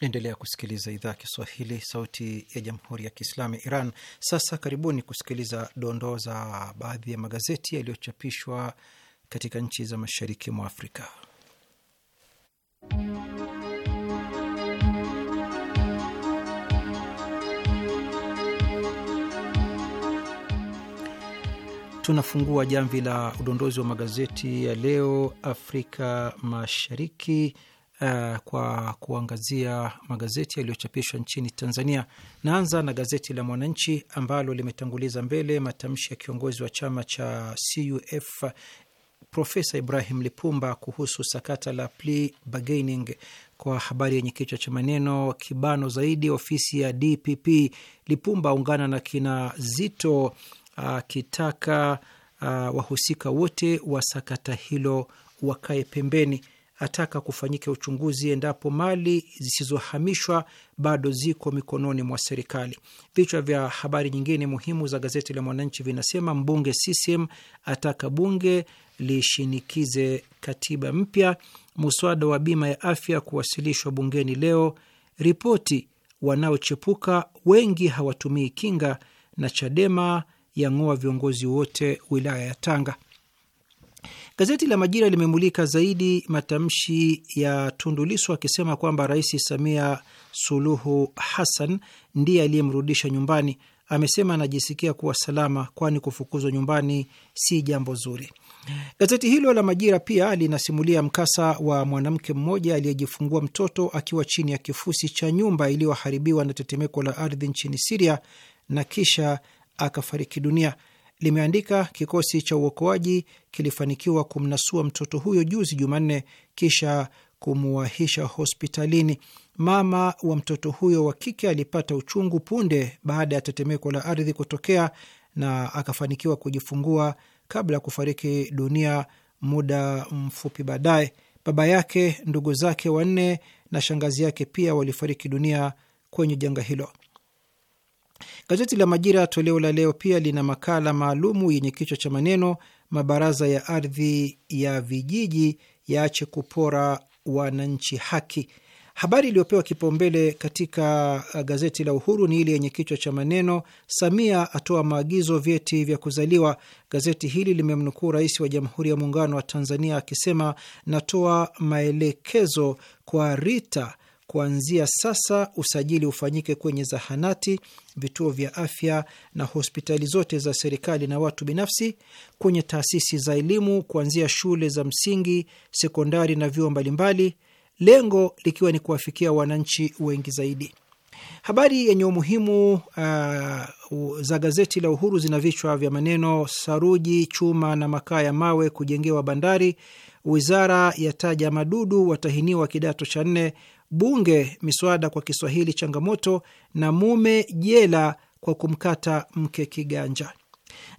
Naendelea kusikiliza idhaa ya Kiswahili, sauti ya jamhuri ya kiislamu ya Iran. Sasa karibuni kusikiliza dondoo za baadhi ya magazeti yaliyochapishwa katika nchi za mashariki mwa Afrika. Tunafungua jamvi la udondozi wa magazeti ya leo Afrika Mashariki uh, kwa kuangazia magazeti yaliyochapishwa nchini Tanzania. Naanza na gazeti la Mwananchi ambalo limetanguliza mbele matamshi ya kiongozi wa chama cha CUF Profesa Ibrahim Lipumba kuhusu sakata la plea bargaining kwa habari yenye kichwa cha maneno kibano zaidi ofisi ya DPP. Lipumba aungana na kina Zito uh, akitaka uh, uh, wahusika wote wa sakata hilo wakae pembeni. Ataka kufanyika uchunguzi endapo mali zisizohamishwa bado ziko mikononi mwa serikali. Vichwa vya habari nyingine muhimu za gazeti la Mwananchi vinasema mbunge CCM ataka bunge lishinikize katiba mpya, muswada wa bima ya afya kuwasilishwa bungeni leo, ripoti wanaochepuka wengi hawatumii kinga, na Chadema yang'oa viongozi wote wilaya ya Tanga. Gazeti la Majira limemulika zaidi matamshi ya Tundu akisema kwamba Rais Samia Suluhu Hassan ndiye aliyemrudisha nyumbani. Amesema anajisikia kuwa salama, kwani kufukuzwa nyumbani si jambo zuri. Gazeti hilo la Majira pia linasimulia mkasa wa mwanamke mmoja aliyejifungua mtoto akiwa chini ya kifusi cha nyumba iliyoharibiwa na tetemeko la ardhi nchini Siria na kisha akafariki dunia. Limeandika kikosi cha uokoaji kilifanikiwa kumnasua mtoto huyo juzi Jumanne, kisha kumuwahisha hospitalini. Mama wa mtoto huyo wa kike alipata uchungu punde baada ya tetemeko la ardhi kutokea na akafanikiwa kujifungua kabla ya kufariki dunia muda mfupi baadaye. Baba yake, ndugu zake wanne na shangazi yake pia walifariki dunia kwenye janga hilo. Gazeti la Majira toleo la leo pia lina makala maalumu yenye kichwa cha maneno mabaraza ya ardhi ya vijiji yaache kupora wananchi haki. Habari iliyopewa kipaumbele katika uh, gazeti la Uhuru ni ile yenye kichwa cha maneno Samia atoa maagizo vyeti vya kuzaliwa. Gazeti hili limemnukuu rais wa Jamhuri ya Muungano wa Tanzania akisema, natoa maelekezo kwa RITA kuanzia sasa usajili ufanyike kwenye zahanati, vituo vya afya na hospitali zote za serikali na watu binafsi, kwenye taasisi za elimu kuanzia shule za msingi, sekondari na vyuo mbalimbali lengo likiwa ni kuwafikia wananchi wengi zaidi. Habari yenye umuhimu uh, za gazeti la Uhuru zina vichwa vya maneno: saruji, chuma na makaa ya mawe kujengewa bandari, wizara yataja madudu watahiniwa kidato cha nne, bunge miswada kwa Kiswahili changamoto, na mume jela kwa kumkata mke kiganja.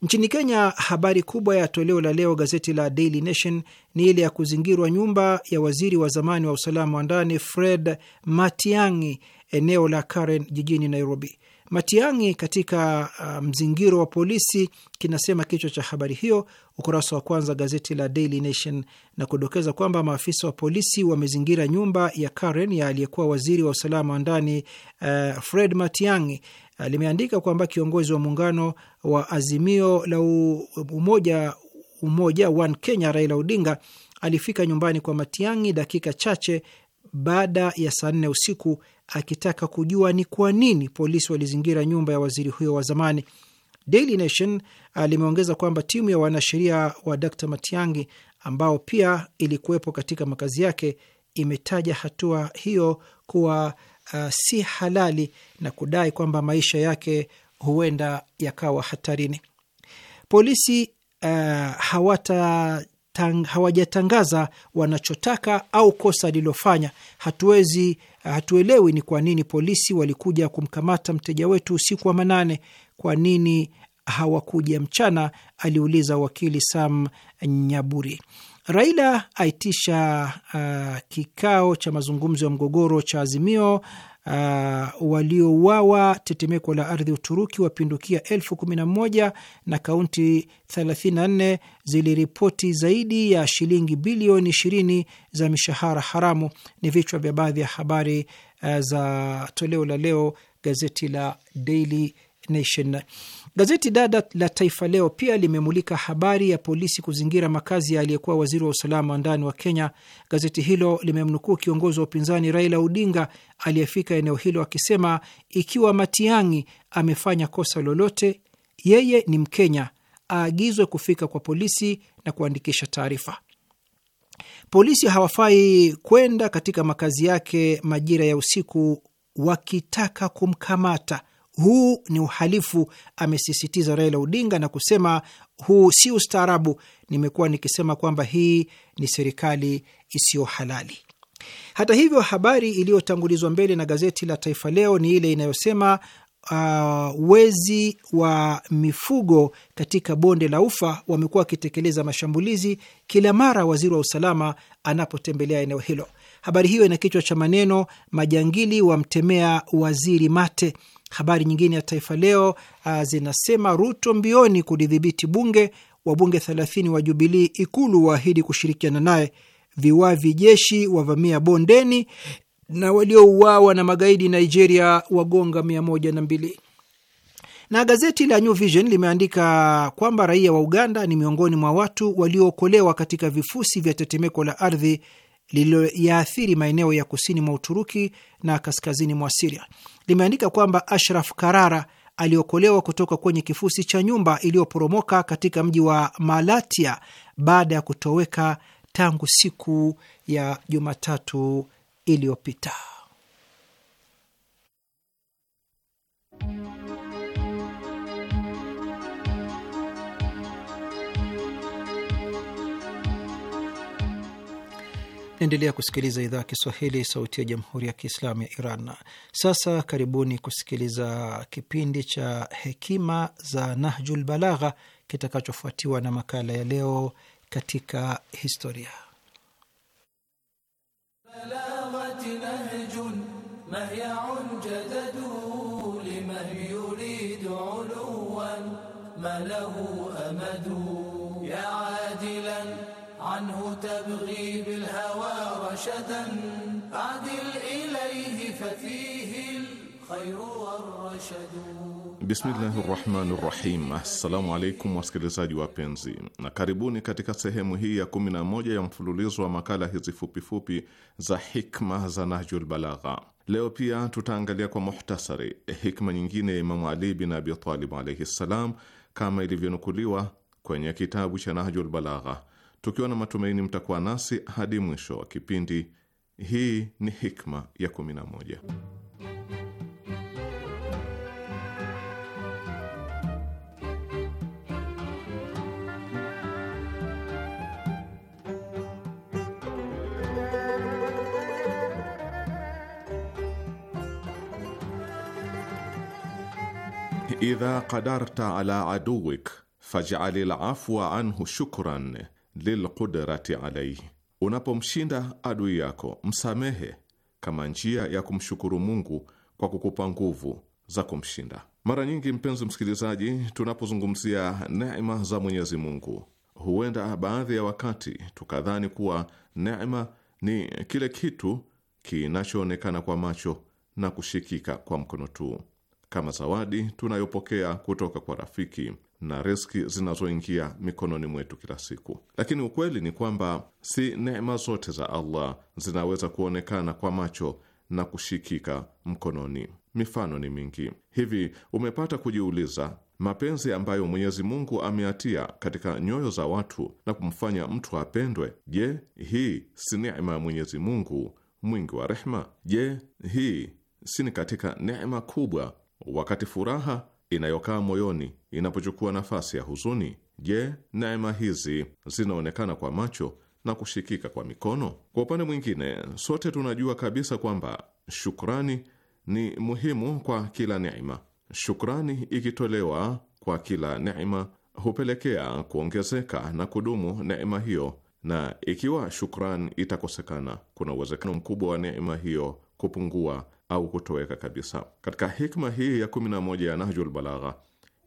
Nchini Kenya, habari kubwa ya toleo la leo gazeti la Daily Nation ni ile ya kuzingirwa nyumba ya waziri wa zamani wa usalama wa ndani Fred Matiang'i eneo la Karen jijini Nairobi. Matiang'i katika uh, mzingiro wa polisi, kinasema kichwa cha habari hiyo, ukurasa wa kwanza gazeti la Daily Nation, na kudokeza kwamba maafisa wa polisi wamezingira nyumba ya Karen ya aliyekuwa waziri wa usalama wa ndani uh, Fred Matiang'i Eh, limeandika kwamba kiongozi wa muungano wa Azimio la Umoja Umoja One Kenya Raila Odinga alifika nyumbani kwa Matiang'i dakika chache baada ya saa nne usiku akitaka kujua ni kwa nini polisi walizingira nyumba ya waziri huyo wa zamani. Daily Nation eh, limeongeza kwamba timu ya wanasheria wa Dr. Matiang'i ambao pia ilikuwepo katika makazi yake imetaja hatua hiyo kuwa uh, si halali na kudai kwamba maisha yake huenda yakawa hatarini. Polisi uh, hawata Tang, hawajatangaza wanachotaka au kosa alilofanya. Hatuwezi, uh, hatuelewi ni kwa nini polisi walikuja kumkamata mteja wetu usiku wa manane. Kwa nini hawakuja mchana? aliuliza wakili Sam Nyaburi. Raila aitisha uh, kikao cha mazungumzo ya mgogoro cha Azimio. Uh, waliouawa tetemeko la ardhi Uturuki wapindukia elfu kumi na moja na kaunti 34 ziliripoti zaidi ya shilingi bilioni 20 za mishahara haramu. Ni vichwa vya baadhi ya habari uh, za toleo la leo gazeti la Daily Nation. Gazeti dada la Taifa Leo pia limemulika habari ya polisi kuzingira makazi ya aliyekuwa waziri wa usalama wa ndani wa Kenya. Gazeti hilo limemnukuu kiongozi wa upinzani Raila Odinga aliyefika eneo hilo akisema, ikiwa Matiang'i amefanya kosa lolote, yeye ni Mkenya, aagizwe kufika kwa polisi na kuandikisha taarifa. Polisi hawafai kwenda katika makazi yake majira ya usiku wakitaka kumkamata huu ni uhalifu, amesisitiza Raila Odinga na kusema huu si ustaarabu. Nimekuwa nikisema kwamba hii ni serikali isiyo halali. Hata hivyo, habari iliyotangulizwa mbele na gazeti la Taifa Leo ni ile inayosema Uh, wezi wa mifugo katika bonde la Ufa wamekuwa wakitekeleza mashambulizi kila mara waziri wa usalama anapotembelea eneo hilo. Habari hiyo ina kichwa cha maneno majangili wamtemea waziri mate. Habari nyingine ya Taifa Leo uh, zinasema Ruto mbioni kulidhibiti bunge, wabunge 30 wa Jubilii Ikulu waahidi kushirikiana naye, viwavi jeshi wavamia bondeni, na waliouawa na magaidi Nigeria wagonga 102 na gazeti la New Vision limeandika kwamba raia wa Uganda ni miongoni mwa watu waliookolewa katika vifusi vya tetemeko la ardhi lililoyaathiri maeneo ya kusini mwa Uturuki na kaskazini mwa Siria limeandika kwamba Ashraf Karara aliokolewa kutoka kwenye kifusi cha nyumba iliyoporomoka katika mji wa Malatia baada ya kutoweka tangu siku ya Jumatatu iliyopita. Naendelea kusikiliza idhaa ya Kiswahili, sauti ya jamhuri ya kiislamu ya Iran. Sasa karibuni kusikiliza kipindi cha hekima za Nahjul Balagha kitakachofuatiwa na makala ya leo katika historia. عنه تبغي بالهوى رشدا عدل إليه ففيه الخير والرشد Bismillahi rahmani rahim. Assalamu alaikum wasikilizaji wapenzi, na karibuni katika sehemu hii ya kumi na moja ya mfululizo wa makala hizi fupifupi za hikma za Nahjul Balagha. Leo pia tutaangalia kwa muhtasari hikma nyingine ya Imamu Ali bin Abi Talib alaihi ssalam, kama ilivyonukuliwa kwenye kitabu cha Nahjul Balagha tukiwa na matumaini mtakuwa nasi hadi mwisho wa kipindi. Hii ni hikma ya 11. Idha qadarta ala aduwik faj'alil afwa anhu shukran lilqudrati alaihi, unapomshinda adui yako msamehe kama njia ya kumshukuru Mungu kwa kukupa nguvu za kumshinda. Mara nyingi, mpenzi msikilizaji, tunapozungumzia neema za Mwenyezi Mungu, huenda baadhi ya wakati tukadhani kuwa neema ni kile kitu kinachoonekana kwa macho na kushikika kwa mkono tu, kama zawadi tunayopokea kutoka kwa rafiki na riski zinazoingia mikononi mwetu kila siku. Lakini ukweli ni kwamba si neema zote za Allah zinaweza kuonekana kwa macho na kushikika mkononi. Mifano ni mingi. Hivi umepata kujiuliza mapenzi ambayo Mwenyezi Mungu ameatia katika nyoyo za watu na kumfanya mtu apendwe, je, hii si neema ya Mwenyezi Mungu mwingi wa rehma Je, hii si ni katika neema kubwa? Wakati furaha inayokaa moyoni inapochukua nafasi ya huzuni? Je, neema hizi zinaonekana kwa macho na kushikika kwa mikono? Kwa upande mwingine, sote tunajua kabisa kwamba shukrani ni muhimu kwa kila neema. Shukrani ikitolewa kwa kila neema hupelekea kuongezeka na kudumu neema hiyo, na ikiwa shukrani itakosekana, kuna uwezekano mkubwa wa neema hiyo kupungua au kutoweka kabisa. Katika hikma hii ya 11 ya Nahjul Balagha,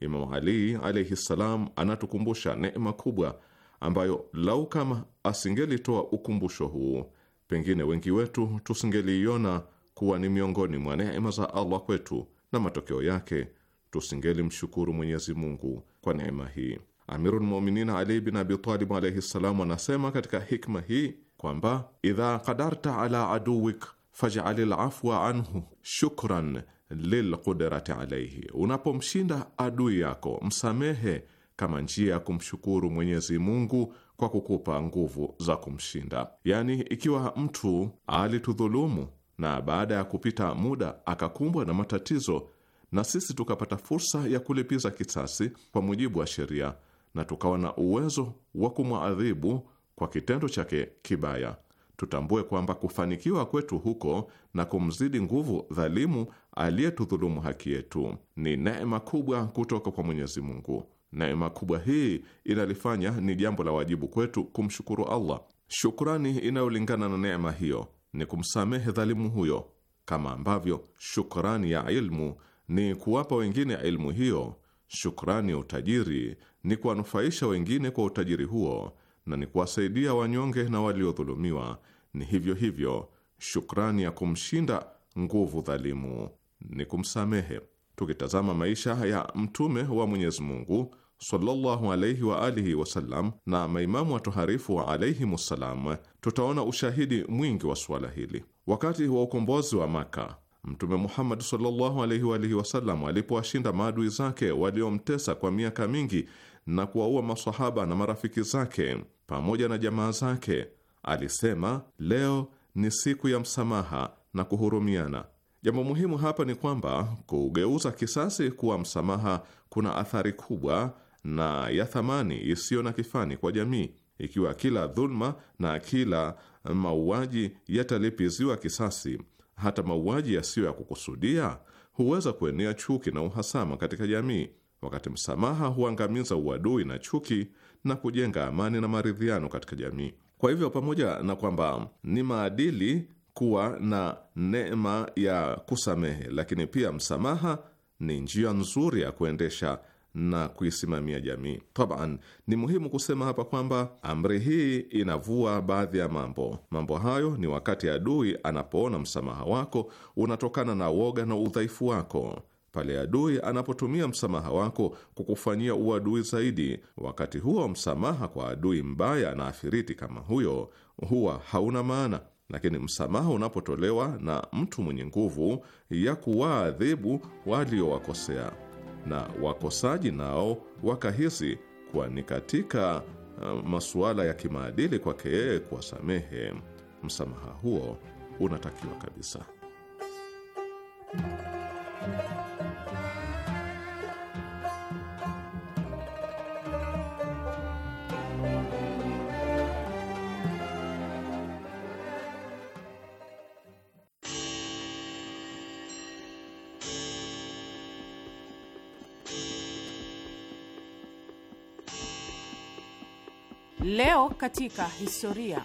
Imamu Ali alaihi ssalam anatukumbusha neema kubwa ambayo lau kama asingelitoa ukumbusho huu, pengine wengi wetu tusingeliiona kuwa ni miongoni mwa neema za Allah kwetu, na matokeo yake tusingelimshukuru Mwenyezi Mungu kwa neema hii. Amirul Mu'minin Ali bin Abi Talib alayhi salam anasema katika hikma hii kwamba idha qadarta ala aduwik fajali lafwa anhu shukran lilqudrati alayhi, unapomshinda adui yako msamehe kama njia ya kumshukuru Mwenyezi Mungu kwa kukupa nguvu za kumshinda. Yaani, ikiwa mtu alitudhulumu na baada ya kupita muda akakumbwa na matatizo na sisi tukapata fursa ya kulipiza kisasi kwa mujibu wa sheria na tukawa na uwezo wa kumwadhibu kwa kitendo chake kibaya tutambue kwamba kufanikiwa kwetu huko na kumzidi nguvu dhalimu aliyetudhulumu haki yetu ni neema kubwa kutoka kwa Mwenyezi Mungu. Neema kubwa hii inalifanya ni jambo la wajibu kwetu kumshukuru Allah. Shukrani inayolingana na neema hiyo ni kumsamehe dhalimu huyo, kama ambavyo shukrani ya ilmu ni kuwapa wengine ilmu hiyo. Shukrani ya utajiri ni kuwanufaisha wengine kwa utajiri huo na ni kuwasaidia wanyonge na waliodhulumiwa. Ni hivyo hivyo, shukrani ya kumshinda nguvu dhalimu ni kumsamehe. Tukitazama maisha ya mtume wa Mwenyezi Mungu sallallahu alayhi wa alihi wasallam na maimamu watoharifu wa alayhimussalam, tutaona ushahidi mwingi wa suala hili. Wakati wa ukombozi wa Maka, Mtume Muhammad sallallahu alayhi wa alihi wasallam alipowashinda maadui zake waliomtesa kwa miaka mingi na kuwaua masahaba na marafiki zake pamoja na jamaa zake. Alisema leo ni siku ya msamaha na kuhurumiana. Jambo muhimu hapa ni kwamba kugeuza kisasi kuwa msamaha kuna athari kubwa na ya thamani isiyo na kifani kwa jamii. Ikiwa kila dhulma na kila mauaji yatalipiziwa kisasi, hata mauaji yasiyo ya kukusudia huweza kuenea chuki na uhasama katika jamii. Wakati msamaha huangamiza uadui na chuki, na kujenga amani na maridhiano katika jamii. Kwa hivyo, pamoja na kwamba ni maadili kuwa na neema ya kusamehe, lakini pia msamaha ni njia nzuri ya kuendesha na kuisimamia jamii. Taban, ni muhimu kusema hapa kwamba amri hii inavua baadhi ya mambo. Mambo hayo ni wakati adui anapoona msamaha wako unatokana na woga na udhaifu wako pale adui anapotumia msamaha wako kukufanyia uadui zaidi. Wakati huo msamaha kwa adui mbaya na afiriti kama huyo huwa hauna maana, lakini msamaha unapotolewa na mtu mwenye nguvu ya kuwaadhibu waliowakosea na wakosaji nao wakahisi kuwa ni katika eh, masuala ya kimaadili kwake yeye kuwasamehe, msamaha huo unatakiwa kabisa. katika historia.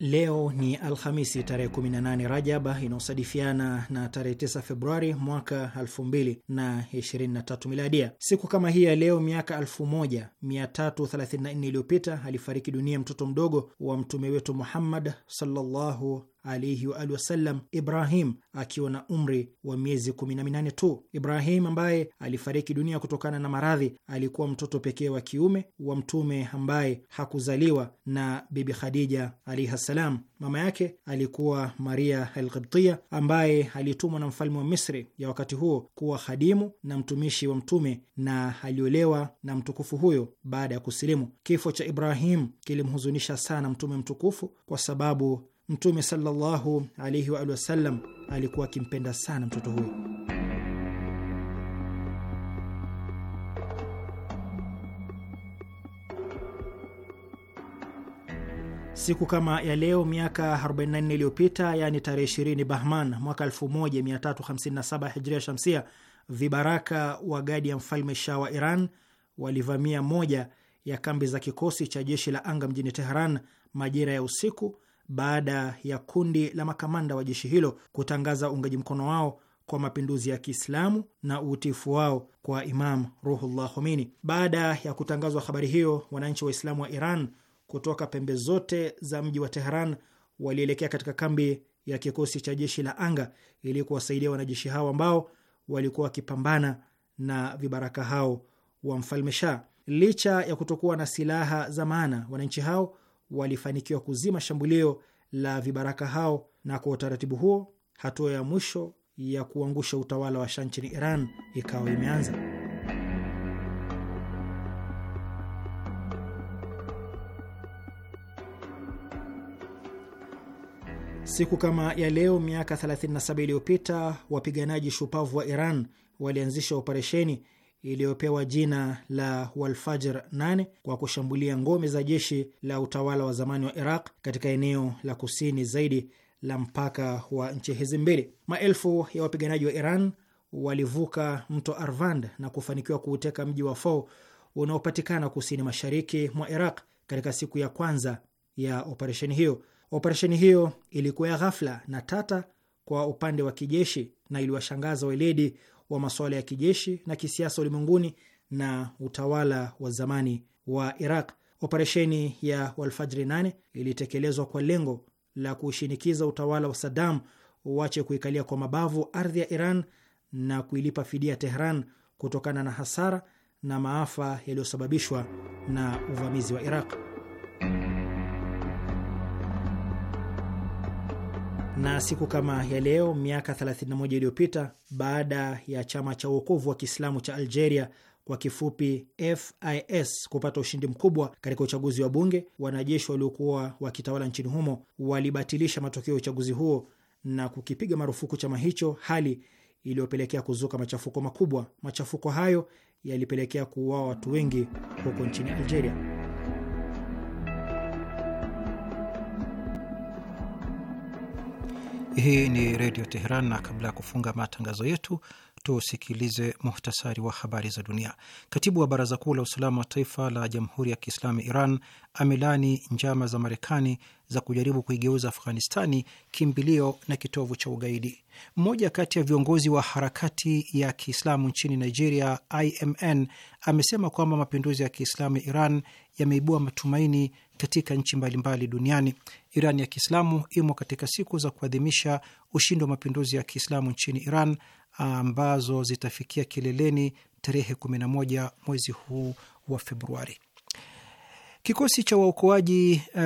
Leo ni Alhamisi tarehe 18 Rajaba inayosadifiana na tarehe 9 Februari mwaka 2023 miladia. Siku kama hii ya leo miaka 1334 iliyopita alifariki dunia mtoto mdogo wa mtume wetu Muhammad sallallahu alaihi wa alihi wasallam Ibrahim akiwa na umri wa miezi 18 tu. Ibrahim ambaye alifariki dunia kutokana na maradhi alikuwa mtoto pekee wa kiume wa Mtume ambaye hakuzaliwa na Bibi Khadija alaihi ssalam. Mama yake alikuwa Maria Alqibtia ambaye alitumwa na mfalme wa Misri ya wakati huo kuwa khadimu na mtumishi wa Mtume, na aliolewa na mtukufu huyo baada ya kusilimu. Kifo cha Ibrahim kilimhuzunisha sana Mtume mtukufu kwa sababu Mtume sallallahu alaihi wa alihi wasallam alikuwa akimpenda sana mtoto huyo. Siku kama ya leo miaka 44 iliyopita, yaani tarehe 20 Bahman mwaka 1357 hijria shamsia, vibaraka wa gadi ya mfalme Shah wa Iran walivamia moja ya kambi za kikosi cha jeshi la anga mjini Teheran majira ya usiku baada ya kundi la makamanda wa jeshi hilo kutangaza uungaji mkono wao kwa mapinduzi ya Kiislamu na uutifu wao kwa Imam Ruhullah Khomeini. Baada ya kutangazwa habari hiyo, wananchi Waislamu wa Iran kutoka pembe zote za mji wa Tehran walielekea katika kambi ya kikosi cha jeshi la anga ili kuwasaidia wanajeshi hao ambao walikuwa wakipambana na vibaraka hao wa mfalme Shah. Licha ya kutokuwa na silaha za maana, wananchi hao walifanikiwa kuzima shambulio la vibaraka hao, na kwa utaratibu huo hatua ya mwisho ya kuangusha utawala wa Shah nchini Iran ikawa imeanza. Siku kama ya leo miaka 37 iliyopita wapiganaji shupavu wa Iran walianzisha operesheni iliyopewa jina la Walfajr 8 kwa kushambulia ngome za jeshi la utawala wa zamani wa Iraq katika eneo la kusini zaidi la mpaka wa nchi hizi mbili. Maelfu ya wapiganaji wa Iran walivuka mto Arvand na kufanikiwa kuuteka mji wa Fo unaopatikana kusini mashariki mwa Iraq katika siku ya kwanza ya operesheni hiyo. Operesheni hiyo ilikuwa ya ghafla na tata kwa upande wa kijeshi na iliwashangaza weledi wa masuala ya kijeshi na kisiasa ulimwenguni na utawala wa zamani wa Iraq. Operesheni ya Walfajri 8 ilitekelezwa kwa lengo la kushinikiza utawala wa Saddam uache kuikalia kwa mabavu ardhi ya Iran na kuilipa fidia Tehran kutokana na hasara na maafa yaliyosababishwa na uvamizi wa Iraq. na siku kama ya leo miaka 31 iliyopita, baada ya chama cha uokovu wa Kiislamu cha Algeria kwa kifupi FIS kupata ushindi mkubwa katika uchaguzi wa bunge, wanajeshi waliokuwa wakitawala nchini humo walibatilisha matokeo ya uchaguzi huo na kukipiga marufuku chama hicho, hali iliyopelekea kuzuka machafuko makubwa. Machafuko hayo yalipelekea kuuawa watu wengi huko nchini Algeria. Hii ni Redio Teheran, na kabla ya kufunga matangazo yetu tusikilize muhtasari wa habari za dunia. Katibu wa Baraza Kuu la Usalama wa Taifa la Jamhuri ya Kiislamu ya Iran amelani njama za Marekani za kujaribu kuigeuza Afghanistani kimbilio na kitovu cha ugaidi. Mmoja kati ya viongozi wa harakati ya Kiislamu nchini Nigeria, IMN, amesema kwamba mapinduzi ya Kiislamu ya Iran yameibua matumaini katika nchi mbalimbali duniani. Iran ya Kiislamu imo katika siku za kuadhimisha ushindi wa mapinduzi ya Kiislamu nchini Iran ambazo zitafikia kileleni tarehe 11 mwezi huu wa Februari. Kikosi cha waokoaji uh,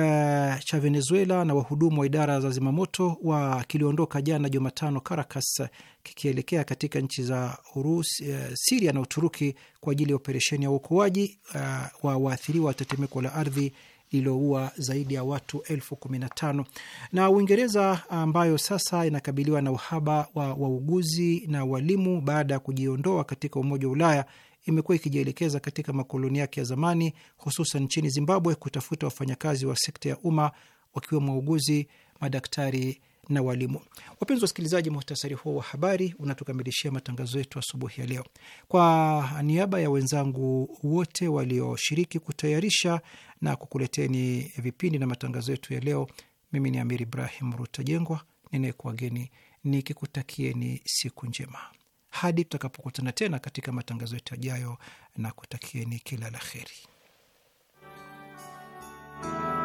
cha Venezuela na wahudumu wa idara za zimamoto wa kiliondoka jana Jumatano Caracas kikielekea katika nchi za Urusi, uh, Siria na Uturuki kwa ajili ya operesheni ya uokoaji uh, wa waathiriwa wa tetemeko la ardhi lililoua zaidi ya watu elfu kumi na tano. Na Uingereza ambayo sasa inakabiliwa na uhaba wa wauguzi na walimu baada ya kujiondoa katika Umoja wa Ulaya imekuwa ikijielekeza katika makoloni yake ya zamani, hususan nchini Zimbabwe, kutafuta wafanyakazi wa sekta ya umma wakiwemo wauguzi, madaktari na walimu. Wapenzi wasikilizaji, muhtasari huo wa habari unatukamilishia matangazo yetu asubuhi ya leo. Kwa niaba ya wenzangu wote walioshiriki kutayarisha na kukuleteni vipindi na matangazo yetu ya leo, mimi ni Amir Ibrahim Rutajengwa ninayekuwageni nikikutakieni siku njema hadi tutakapokutana tena katika matangazo yetu yajayo, na kutakieni kila la heri.